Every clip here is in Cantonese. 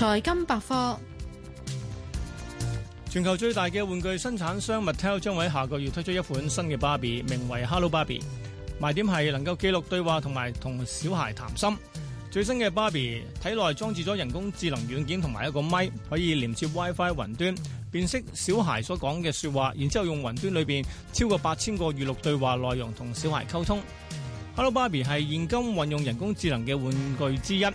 財金百科，全球最大嘅玩具生產商 Mattel 將喺下個月推出一款新嘅芭比，名為 Hello Barbie。賣點係能夠記錄對話同埋同小孩談心。最新嘅芭比體內裝置咗人工智能軟件同埋一個咪，可以連接 WiFi 雲端，辨識小孩所講嘅說的話，然之後用雲端裏邊超過八千個預錄對話內容同小孩溝通。Hello Barbie 係現今運用人工智能嘅玩具之一。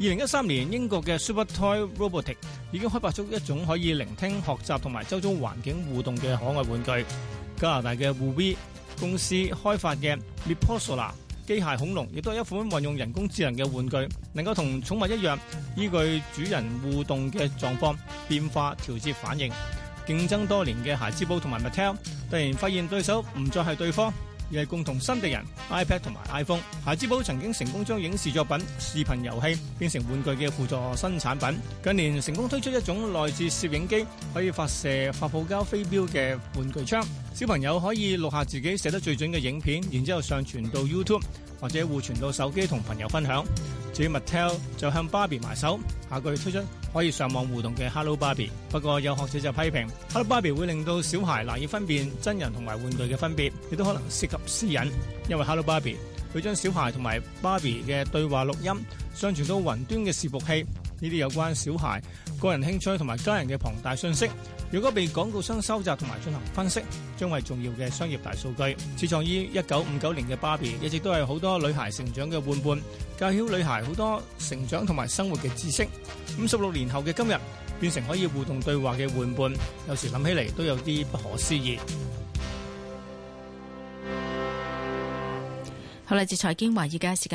二零一三年，英國嘅 SuperToy Robotic 已經開發出一種可以聆聽、學習同埋周遭環境互動嘅可愛玩具。加拿大嘅 WowWee 公司開發嘅 Liposola 機械恐龍，亦都係一款運用人工智能嘅玩具，能夠同寵物一樣依據主人互動嘅狀況變化調節反應。競爭多年嘅孩之寶同埋 Mattel，突然發現對手唔再係對方。而係共同新敵人 iPad 同埋 iPhone。孩之寶曾經成功將影視作品、視頻遊戲變成玩具嘅輔助新產品。近年成功推出一種內置攝影機可以發射發泡膠飛鏢嘅玩具槍，小朋友可以錄下自己寫得最準嘅影片，然之後上傳到 YouTube 或者互傳到手機同朋友分享。至於 Mattel 就向芭比埋手。下個月推出可以上網互動嘅 Hello Barbie，不過有學者就批評 Hello Barbie 會令到小孩難以分辨真人同埋玩具嘅分別，亦都可能涉及私隱，因為 Hello Barbie 佢將小孩同埋 Barbie 嘅對話錄音上傳到雲端嘅伺服器。呢啲有關小孩個人興趣同埋家人嘅龐大信息，如果被廣告商收集同埋進行分析，將為重要嘅商業大數據。始創於一九五九年嘅芭比，一直都係好多女孩成長嘅玩伴，教曉女孩好多成長同埋生活嘅知識。五十六年後嘅今日，變成可以互動對話嘅玩伴，有時諗起嚟都有啲不可思議。好啦，接財經華爾街時間。